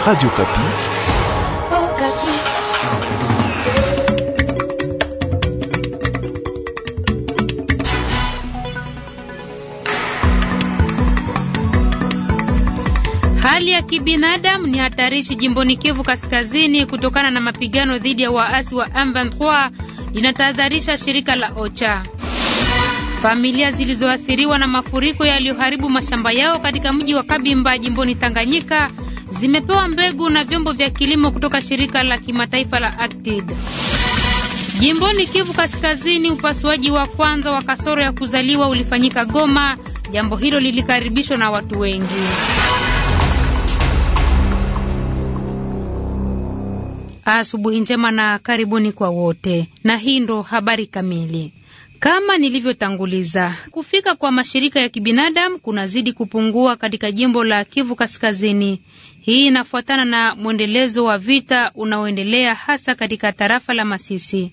Radio Okapi. Hali ya kibinadamu ni hatarishi jimboni Kivu Kaskazini kutokana na mapigano dhidi ya waasi wa M23, inatahadharisha shirika la OCHA. Familia zilizoathiriwa na mafuriko yaliyoharibu mashamba yao katika mji wa Kabimba jimboni Tanganyika zimepewa mbegu na vyombo vya kilimo kutoka shirika la kimataifa la Acted. Jimboni Kivu Kaskazini, upasuaji wa kwanza wa kasoro ya kuzaliwa ulifanyika Goma. Jambo hilo lilikaribishwa na watu wengi. Asubuhi njema na karibuni kwa wote, na hii ndo habari kamili. Kama nilivyotanguliza, kufika kwa mashirika ya kibinadamu kunazidi kupungua katika jimbo la Kivu Kaskazini. Hii inafuatana na mwendelezo wa vita unaoendelea hasa katika tarafa la Masisi.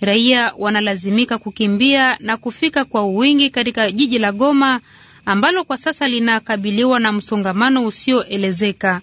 Raia wanalazimika kukimbia na kufika kwa wingi katika jiji la Goma ambalo kwa sasa linakabiliwa na msongamano usioelezeka.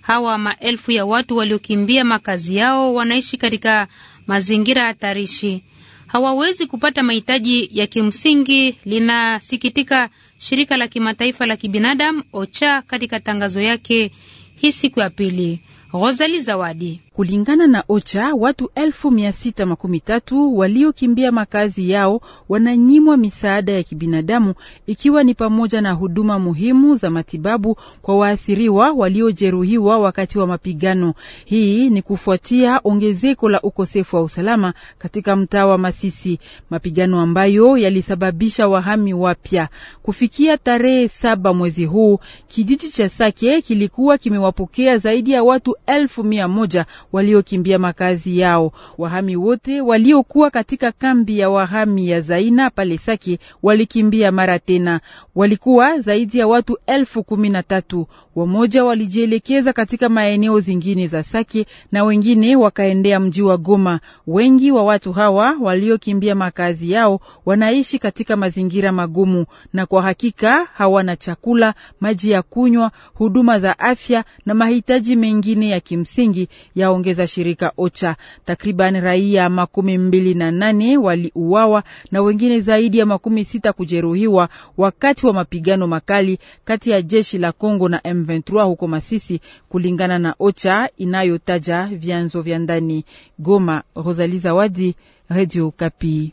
Hawa maelfu ya watu waliokimbia makazi yao wanaishi katika mazingira hatarishi hawawezi kupata mahitaji ya kimsingi, linasikitika shirika la kimataifa la kibinadamu OCHA katika tangazo yake hii siku ya pili. Rosali Zawadi. Kulingana na OCHA, watu elfu mia sita makumi tatu waliokimbia makazi yao wananyimwa misaada ya kibinadamu ikiwa ni pamoja na huduma muhimu za matibabu kwa waathiriwa waliojeruhiwa wakati wa mapigano. Hii ni kufuatia ongezeko la ukosefu wa usalama katika mtaa wa Masisi, mapigano ambayo yalisababisha wahami wapya. Kufikia tarehe saba mwezi huu, kijiji cha Sake kilikuwa kimewapokea zaidi ya watu elfu mia moja waliokimbia makazi yao. Wahami wote waliokuwa katika kambi ya wahami ya Zaina pale Saki walikimbia mara tena. Walikuwa zaidi ya watu elfu kumi na tatu. Wamoja walijielekeza katika maeneo zingine za Sake na wengine wakaendea mji wa Goma. Wengi wa watu hawa waliokimbia makazi yao wanaishi katika mazingira magumu, na kwa hakika hawana chakula, maji ya kunywa, huduma za afya na mahitaji mengine maoni ya kimsingi yaongeza shirika OCHA. Takriban raia makumi mbili na nane waliuawa na wengine zaidi ya makumi sita kujeruhiwa wakati wa mapigano makali kati ya jeshi la congo na M23 huko Masisi, kulingana na OCHA inayotaja vyanzo vya ndani. Goma, Rosali Zawadi, Radio Kapi.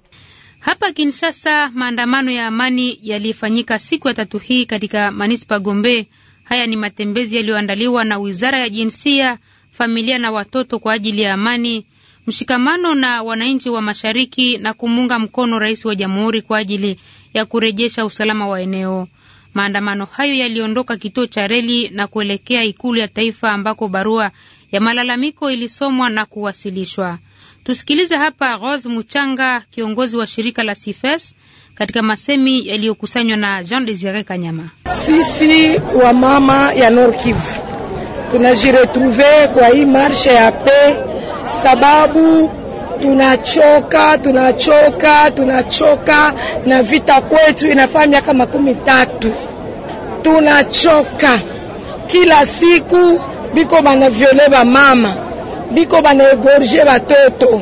Hapa Kinshasa, maandamano ya amani yalifanyika siku ya tatu hii katika manispa Gombe. Haya ni matembezi yaliyoandaliwa na Wizara ya Jinsia, Familia na Watoto kwa ajili ya amani, mshikamano na wananchi wa Mashariki na kumuunga mkono rais wa Jamhuri kwa ajili ya kurejesha usalama wa eneo. Maandamano hayo yaliondoka kituo cha reli na kuelekea ikulu ya taifa ambako barua ya malalamiko ilisomwa na kuwasilishwa. Tusikilize hapa Rose Muchanga, kiongozi wa shirika la cifes katika masemi yaliyokusanywa na Jean Desire Kanyama. Sisi wa mama ya Nord Kivu tunajiretrouve kwa hii marsha ya pe sababu tunachoka tunachoka tunachoka na vita kwetu, inafaa miaka makumi tatu. Tunachoka kila siku, biko banaviole bamama, biko banaegorge batoto,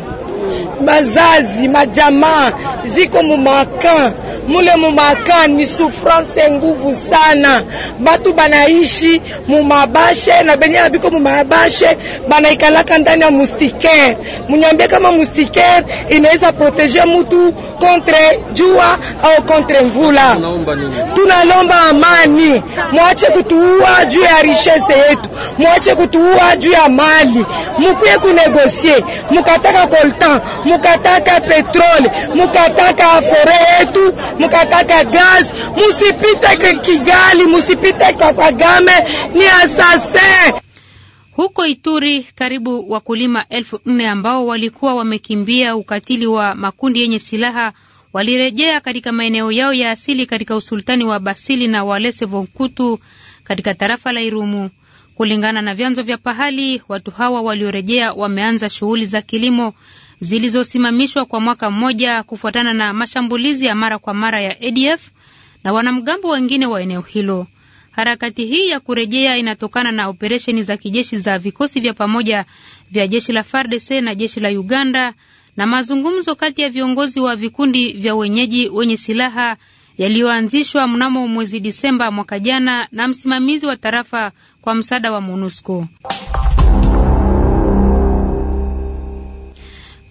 bazazi, majamaa ziko mumakan mule mumakani ni souffrance nguvu sana, batu banaishi mumabashe na benye abiko mumabashe banaikalaka ndani ya mustikaire. Munyambie kama mustikaire inaweza proteje mutu kontre jua au kontre mvula. Tunalomba amani, mwache kutuua juu ya richesse yetu, mwache kutuua juu ya mali, mukuye kunegosie, mukataka coltan, mukataka petrole, mukataka afore yetu mukataka gaz, musipite kwa Kigali, musipite kwa Kagame, ni asase. Huko Ituri, karibu wakulima elfu nne ambao walikuwa wamekimbia ukatili wa makundi yenye silaha walirejea katika maeneo yao ya asili katika usultani wa Basili na Walese Vonkutu katika tarafa la Irumu. Kulingana na vyanzo vya pahali, watu hawa waliorejea wameanza shughuli za kilimo zilizosimamishwa kwa mwaka mmoja kufuatana na mashambulizi ya mara kwa mara ya ADF na wanamgambo wengine wa eneo hilo. Harakati hii ya kurejea inatokana na operesheni za kijeshi za vikosi vya pamoja vya jeshi la FARDC na jeshi la Uganda na mazungumzo kati ya viongozi wa vikundi vya wenyeji wenye silaha yaliyoanzishwa mnamo mwezi Disemba mwaka jana na msimamizi wa tarafa kwa msaada wa MONUSCO.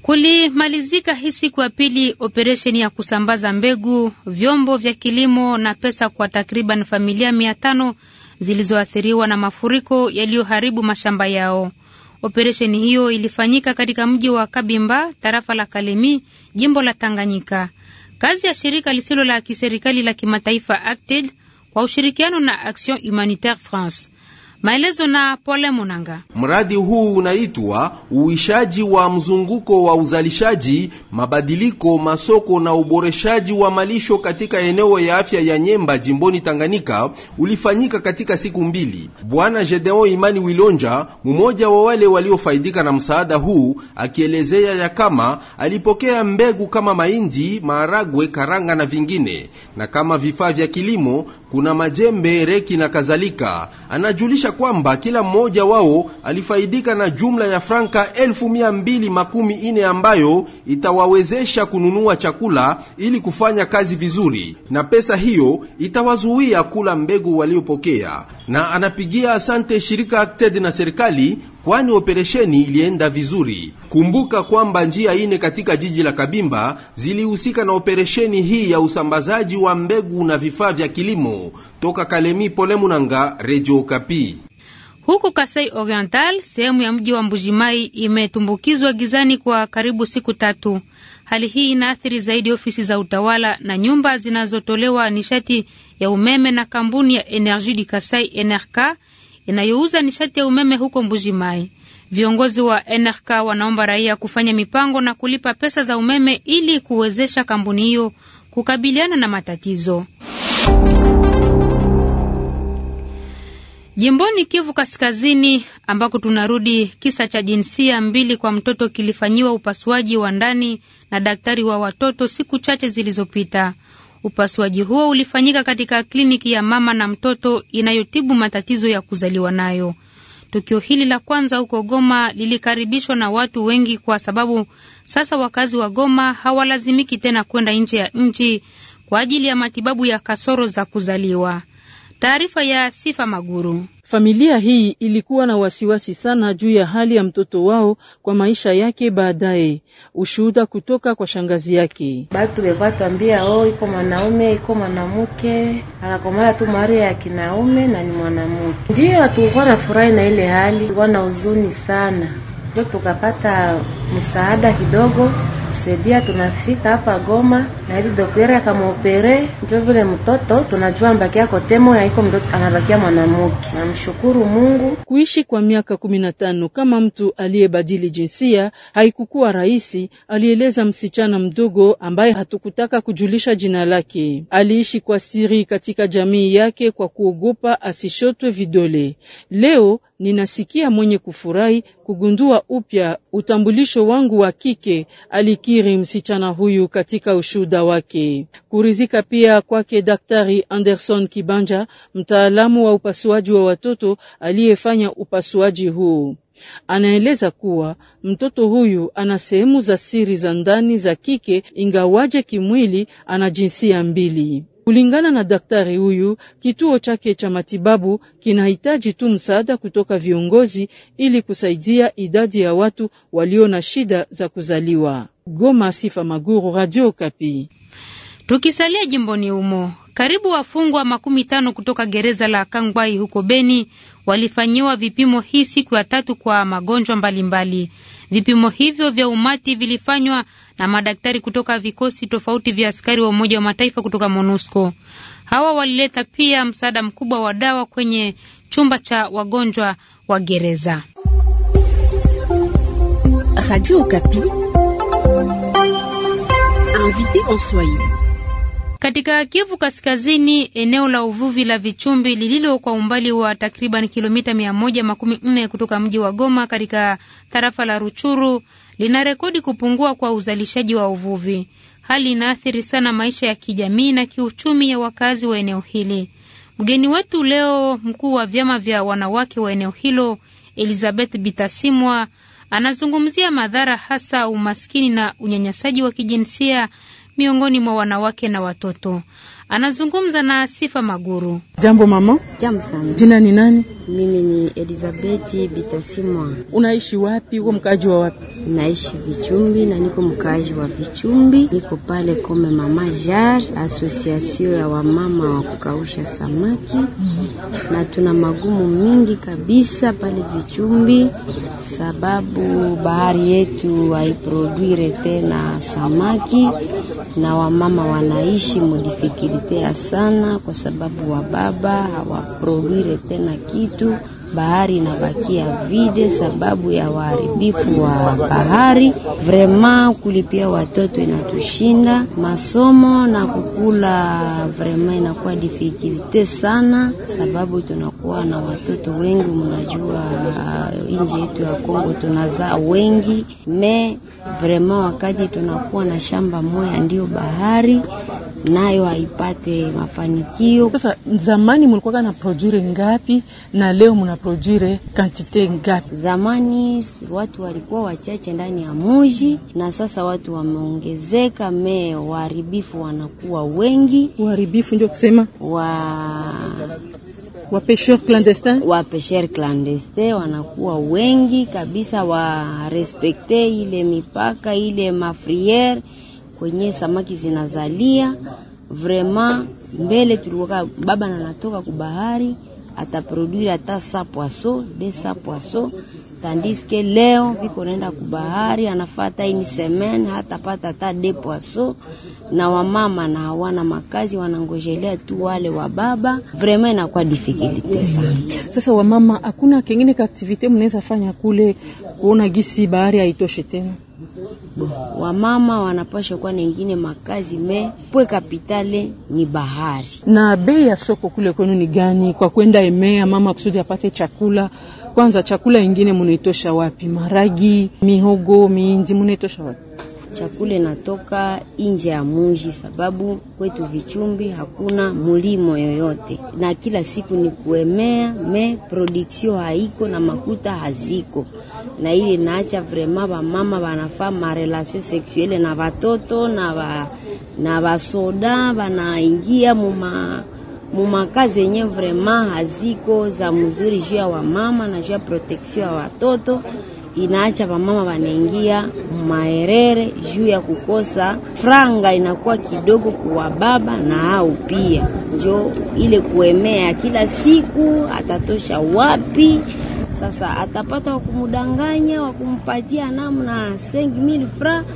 Kulimalizika hii siku ya pili operesheni ya kusambaza mbegu, vyombo vya kilimo na pesa kwa takriban familia mia tano zilizoathiriwa na mafuriko yaliyoharibu mashamba yao. Operesheni hiyo ilifanyika katika mji wa Kabimba, tarafa la Kalemi, jimbo la Tanganyika. Kazi ya shirika lisilo la kiserikali la kimataifa Acted kwa ushirikiano na Action Humanitaire France. Maelezo na Pole Munanga. Mradi huu unaitwa uishaji wa mzunguko wa uzalishaji, mabadiliko, masoko na uboreshaji wa malisho katika eneo ya afya ya Nyemba jimboni Tanganyika ulifanyika katika siku mbili. Bwana Gedeon Imani Wilonja, mmoja wa wale waliofaidika na msaada huu, akielezea ya kama alipokea mbegu kama mahindi, maharagwe, karanga na vingine, na kama vifaa vya kilimo kuna majembe, reki na kadhalika. Anajulisha kwamba kila mmoja wao alifaidika na jumla ya franka elfu mia mbili makumi ine ambayo itawawezesha kununua chakula ili kufanya kazi vizuri, na pesa hiyo itawazuia kula mbegu waliopokea. Na anapigia asante shirika ACTED na serikali kwani operesheni ilienda vizuri. Kumbuka kwamba njia ine katika jiji la Kabimba zilihusika na operesheni hii ya usambazaji wa mbegu na vifaa vya kilimo. Toka Kalemi, Pole Munanga, Radio Kapi. Huku Kasai Oriental, sehemu ya mji wa Mbujimai imetumbukizwa gizani kwa karibu siku tatu. Hali hii inaathiri zaidi ofisi za utawala na nyumba zinazotolewa nishati ya umeme na kampuni ya Energie du Kasai NRK inayouza nishati ya umeme huko Mbuji Mai. Viongozi wa NRK wanaomba raia kufanya mipango na kulipa pesa za umeme ili kuwezesha kampuni hiyo kukabiliana na matatizo. Jimboni Kivu Kaskazini ambako tunarudi, kisa cha jinsia mbili kwa mtoto kilifanyiwa upasuaji wa ndani na daktari wa watoto siku chache zilizopita. Upasuaji huo ulifanyika katika kliniki ya mama na mtoto inayotibu matatizo ya kuzaliwa nayo. Tukio hili la kwanza huko Goma lilikaribishwa na watu wengi kwa sababu sasa wakazi wa Goma hawalazimiki tena kwenda nje ya nchi kwa ajili ya matibabu ya kasoro za kuzaliwa. Taarifa ya Sifa Maguru. Familia hii ilikuwa na wasiwasi sana juu ya hali ya mtoto wao kwa maisha yake baadaye. Ushuhuda kutoka kwa shangazi yake. Batu bekuwa tuambia oh, iko mwanaume iko mwanamke, akakomala tu mari ya kinaume na ni mwanamke. Ndiyo tulikuwa na furahi na ile hali, tulikuwa na huzuni sana, ndio tukapata msaada kidogo kumsaidia. Tunafika hapa Goma na ile daktari akamopere, ndio vile mtoto tunajua mbaki mbakia kotemo yaiko mtoto anabakia mwanamke. Namshukuru Mungu. Kuishi kwa miaka 15 kama mtu aliyebadili jinsia haikukuwa rahisi, alieleza msichana mdogo ambaye hatukutaka kujulisha jina lake. Aliishi kwa siri katika jamii yake kwa kuogopa asishotwe vidole. Leo ninasikia mwenye kufurahi kugundua upya utambulisho wangu wa kike ali kumkiri msichana huyu katika ushuda wake. Kurizika pia kwake Daktari Anderson Kibanja, mtaalamu wa upasuaji wa watoto aliyefanya upasuaji huu. Anaeleza kuwa mtoto huyu ana sehemu za siri za ndani za kike, ingawaje kimwili ana jinsia mbili. Kulingana na daktari huyu, kituo chake cha matibabu kinahitaji tu msaada kutoka viongozi ili kusaidia idadi ya watu walio na shida za kuzaliwa. Goma, Sifa Maguru, Radio Kapi. Tukisalia jimboni humo, karibu wafungwa makumi tano kutoka gereza la Kangwai huko Beni walifanyiwa vipimo hii siku ya tatu kwa magonjwa mbalimbali. Vipimo hivyo vya umati vilifanywa na madaktari kutoka vikosi tofauti vya askari wa Umoja wa Mataifa kutoka MONUSCO. Hawa walileta pia msaada mkubwa wa dawa kwenye chumba cha wagonjwa wa gereza. Radio Okapi, invité en Swahili. Katika Kivu Kaskazini, eneo la uvuvi la Vichumbi lililo kwa umbali wa takriban kilomita mia moja makumi nne kutoka mji wa Goma katika tarafa la Ruchuru lina rekodi kupungua kwa uzalishaji wa uvuvi. Hali inaathiri sana maisha ya kijamii na kiuchumi ya wakazi wa eneo hili. Mgeni wetu leo, mkuu wa vyama vya wanawake wa eneo hilo Elizabeth Bitasimwa, anazungumzia madhara hasa umaskini na unyanyasaji wa kijinsia miongoni mwa wanawake na watoto. Anazungumza na Sifa Maguru. Jambo mama. Jambo sana. Jina ni nani? Mimi ni Elizabeth Bitasimwa. Unaishi wapi? Uko mkaaji wa wapi? Naishi Vichumbi na niko mkaaji wa Vichumbi, niko pale Kome Mama Jar, asosiasio ya wamama wa kukausha samaki mm -hmm. na tuna magumu mingi kabisa pale Vichumbi sababu bahari yetu haiprodwire tena samaki na wamama wanaishi modifikili wanapotea sana, kwa sababu wababa hawaproduire tena kitu bahari inabakia vide sababu ya waharibifu wa bahari. Vrema kulipia watoto inatushinda masomo na kukula, vrema inakuwa difikulte sana, sababu tunakuwa na watoto wengi. Mnajua uh, nje yetu ya Kongo tunazaa wengi me vrema, wakati tunakuwa na shamba moya ndio bahari nayo haipate mafanikio. Sasa zamani mulikuwa na produire ngapi na leo muna produire quantité ngapi? Zamani watu walikuwa wachache ndani ya muji, na sasa watu wameongezeka, me waharibifu wanakuwa wengi. Waharibifu ndio kusema wa wapesheur clandestin, wapesheur clandestin wanakuwa wengi kabisa, warespekte ile mipaka ile mafriere kwenye samaki zinazalia Vraiment Mbele tulikuwa baba na natoka kubahari ataproduire hata sa poiso desa poiso, tandiske leo viko naenda kubahari, anafata ini semene hatapata hata de poiso. Na wamama na hawana makazi, wanangojelea tu wale wa baba, vraiment inakuwa difficulty sana. Sasa wamama, hakuna kengine ka activite mnaweza fanya kule kuona gisi bahari haitoshe tena? wamama wanapasha kuwa nengine makazi me pwe kapitale ni bahari. Na bei ya soko kule kwenu ni gani kwa kwenda emea mama kusudi apate chakula? Kwanza chakula ingine munaitosha wapi? Maragi, mihogo, miinzi munaitosha wapi? chakula inatoka nje ya muji, sababu kwetu Vichumbi hakuna mulimo yoyote, na kila siku ni kuemea me production haiko na makuta haziko, na ile naacha vraiment bamama banafaa marelasio sexuelle na watoto na ba, na basoda banaingia muma mumakazi yenye vraiment haziko za mzuri juu ya wamama na juu ya protection ya watoto inaacha wamama wanaingia maerere juu ya kukosa franga, inakuwa kidogo kuwa baba na au pia njo ile kuemea kila siku, atatosha wapi? Sasa atapata wakumudanganya wakumpatia namna 5000 francs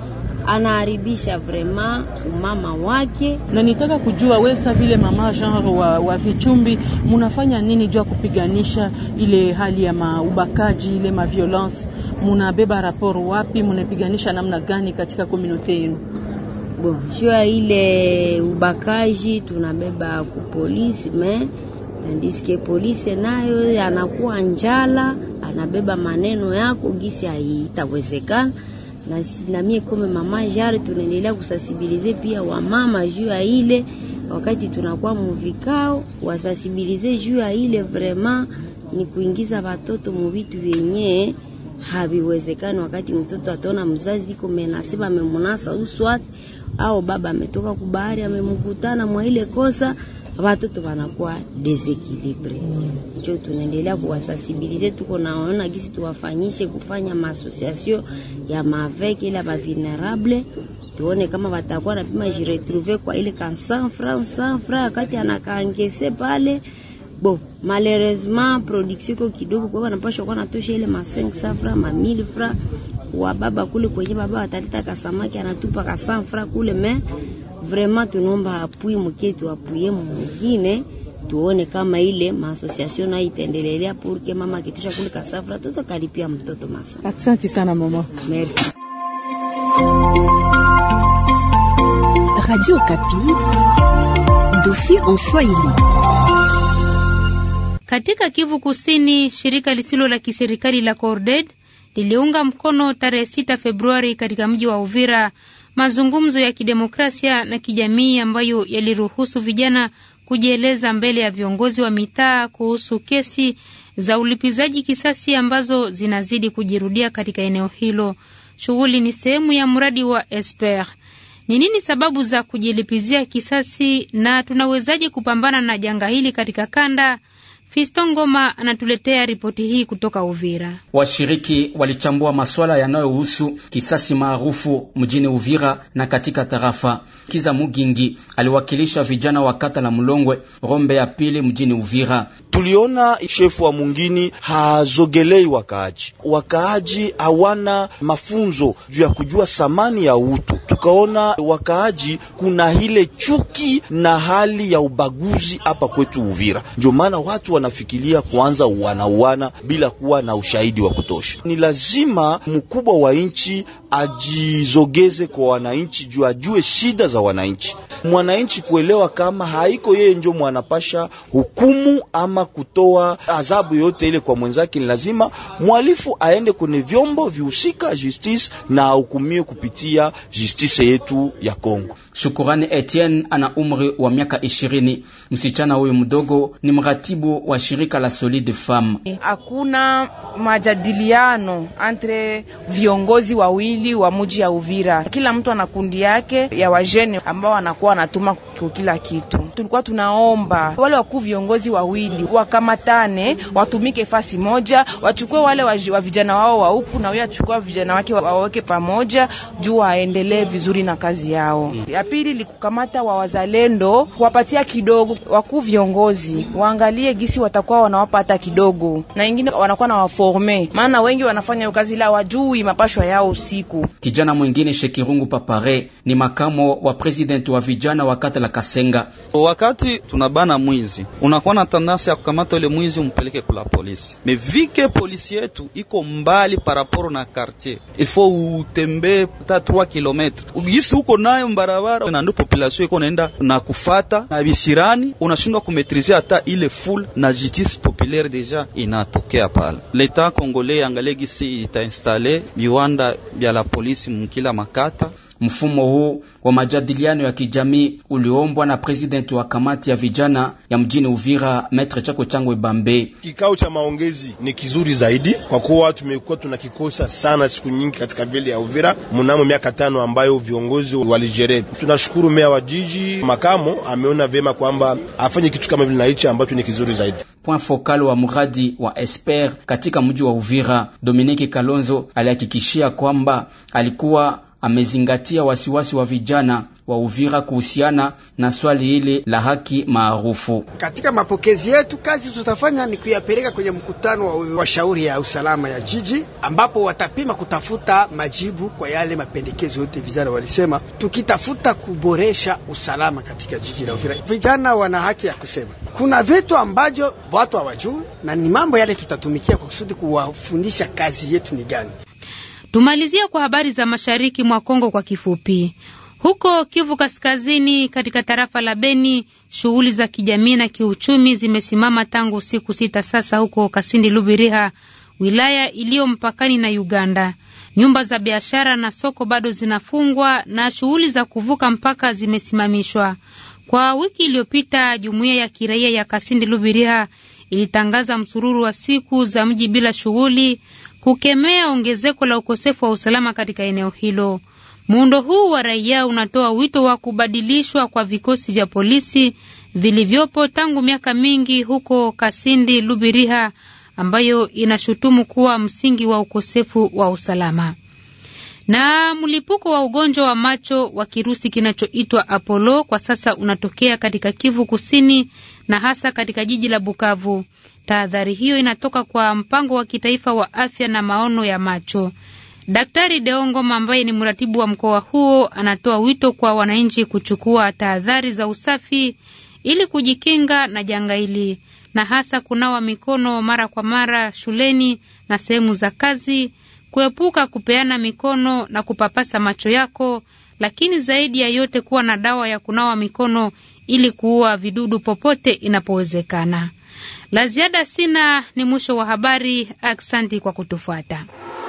anaharibisha vrema umama wake. Na nitaka kujua wesa vile mama genre wa, wa Vichumbi munafanya nini juu ya kupiganisha ile hali ya maubakaji ile maviolence, munabeba raporo wapi, munapiganisha namna gani katika komunote yenu? Bon, jua ile ubakaji tunabeba ku kupolisi me tandiske polisi nayo anakuwa njala, anabeba maneno yako gisi haitawezekana na, na mie kome mama jari tunaendelea kusasibilize pia wamama juu ya ile, wakati tunakuwa muvikao wasasibilize juu ya ile. Vraiment ni kuingiza watoto muvitu vyenye haviwezekani, wakati mtoto ataona mzazi iko menasi amemunasa uswati au baba ametoka kubahari amemkutana mwa ile kosa watoto wanakuwa desequilibre. Jo, tunaendelea kuwasensibilize, tuko naona gisi tuwafanyishe kufanya maasosiasio ya maveke ila mavinerable tuone kama watakuwa napima pima jiretrouve kwa ile ka cent francs cent francs kati anakaangese pale bo malheureusement production iko kidogo, kwa wanapasha kuwa natosha ile ma 500 francs ma 1000 francs wa baba kule kwenye baba watalita kasamaki anatupa ka 100 francs kule me Vraiment tunaomba apui mkie apuye mwingine tuone kama ile maasosiasio na itaendelelea purke mama akitosha kule kasafra tuza kalipia mtoto maso. Asante sana mama. Merci. Radio Kapi, dossier en Swahili. Katika Kivu Kusini, shirika lisilo la kiserikali la Corded liliunga mkono tarehe 6 Februari katika mji wa Uvira mazungumzo ya kidemokrasia na kijamii ambayo yaliruhusu vijana kujieleza mbele ya viongozi wa mitaa kuhusu kesi za ulipizaji kisasi ambazo zinazidi kujirudia katika eneo hilo. Shughuli ni sehemu ya mradi wa Esper. Ni nini sababu za kujilipizia kisasi na tunawezaje kupambana na janga hili katika kanda? fisto Ngoma anatuletea ripoti hii kutoka Uvira. Washiriki walichambua masuala yanayohusu kisasi maarufu mjini Uvira na katika tarafa. Kiza Mugingi aliwakilisha vijana wa kata la Mlongwe, Rombe ya pili mjini Uvira. Tuliona shefu wa Mungini hazogelei wakaaji, wakaaji hawana mafunzo juu ya kujua thamani ya utu tukaona wakaaji, kuna ile chuki na hali ya ubaguzi hapa kwetu Uvira. Ndio maana watu wanafikiria kuanza wanauana bila kuwa na ushahidi wa kutosha. Ni lazima mkubwa wa nchi ajizogeze kwa wananchi, juu ajue shida za wananchi, mwananchi kuelewa kama haiko yeye ndio mwanapasha hukumu ama kutoa adhabu yoyote ile kwa mwenzake. Ni lazima mwalifu aende kwenye vyombo vihusika justice, na ahukumiwe kupitia justice nchi yetu ya Kongo. Shukurani Etienne ana umri wa miaka ishirini. Msichana huyu mdogo ni mratibu wa shirika la Solide Femme. Hakuna majadiliano entre viongozi wawili wa muji ya Uvira, kila mtu ana kundi yake ya wajene ambao wanakuwa wanatuma kwa kila kitu. Tulikuwa tunaomba wale wakuu viongozi wawili wakamatane, watumike fasi moja, wachukue wale wa vijana wao wa huku na huyo achukua vijana wake waweke pamoja juu waendelee vizuri na kazi yao. Mm. Ya pili ni kukamata wa wazalendo, kuwapatia kidogo. Wakuu viongozi waangalie gisi watakuwa wanawapa hata kidogo, na ingine wanakuwa na waforme, maana wengi wanafanya kazi la wajui mapashwa yao usiku. Kijana mwingine Shekirungu Papare ni makamo wa president wa vijana wa kata la Kasenga. Wakati tunabana mwizi, unakuwa na tandansi ya kukamata ule mwizi umpeleke kula polisi mevike. Polisi yetu iko mbali paraporo na quartier, il faut utembee ta 3 kilometre gisi huko nayo mbarabara na ndio population iko naenda na kufata na bisirani, unashindwa kumetrize hata ile full na justice populaire deja inatokea pale. Leta Kongole angalie gisi itainstale viwanda vya la polisi mkila makata Mfumo huu wa majadiliano ya kijamii uliombwa na presidenti wa kamati ya vijana ya mjini Uvira, Maitre Chako Changwe Bambe. Kikao cha maongezi ni kizuri zaidi kwa kuwa tumekuwa tunakikosa sana siku nyingi katika vile ya Uvira mnamo miaka tano ambayo viongozi walijere. Tunashukuru meya wa jiji makamo ameona vyema kwamba afanye kitu kama vile na hichi ambacho ni kizuri zaidi. Point focal wa mradi wa Esper katika mji wa Uvira, Dominique Kalonzo alihakikishia kwamba alikuwa amezingatia wasiwasi wa vijana wa Uvira kuhusiana na swali hili la haki maarufu. Katika mapokezi yetu, kazi tutafanya ni kuyapeleka kwenye mkutano wa washauri ya usalama ya jiji, ambapo watapima kutafuta majibu kwa yale mapendekezo yote vijana walisema, tukitafuta kuboresha usalama katika jiji la Uvira. Vijana wana haki ya kusema, kuna vitu ambavyo watu hawajui, na ni mambo yale tutatumikia kwa kusudi kuwafundisha kazi yetu ni gani. Tumalizia kwa habari za mashariki mwa Kongo kwa kifupi. Huko Kivu Kaskazini, katika tarafa la Beni, shughuli za kijamii na kiuchumi zimesimama tangu siku sita sasa, huko Kasindi Lubiriha, wilaya iliyo mpakani na Uganda. Nyumba za biashara na soko bado zinafungwa na shughuli za kuvuka mpaka zimesimamishwa. Kwa wiki iliyopita, jumuiya ya kiraia ya Kasindi Lubiriha ilitangaza msururu wa siku za mji bila shughuli kukemea ongezeko la ukosefu wa usalama katika eneo hilo. Muundo huu wa raia unatoa wito wa kubadilishwa kwa vikosi vya polisi vilivyopo tangu miaka mingi huko Kasindi Lubiriha ambayo inashutumu kuwa msingi wa ukosefu wa usalama. Na mlipuko wa ugonjwa wa macho wa kirusi kinachoitwa Apollo kwa sasa unatokea katika Kivu Kusini na hasa katika jiji la Bukavu. Tahadhari hiyo inatoka kwa mpango wa kitaifa wa afya na maono ya macho. Daktari Deongoma ambaye ni mratibu wa mkoa huo anatoa wito kwa wananchi kuchukua tahadhari za usafi ili kujikinga na janga hili na hasa kunawa mikono mara kwa mara shuleni na sehemu za kazi kuepuka kupeana mikono na kupapasa macho yako, lakini zaidi ya yote kuwa na dawa ya kunawa mikono ili kuua vidudu popote inapowezekana. La ziada sina. Ni mwisho wa habari. Aksanti kwa kutufuata.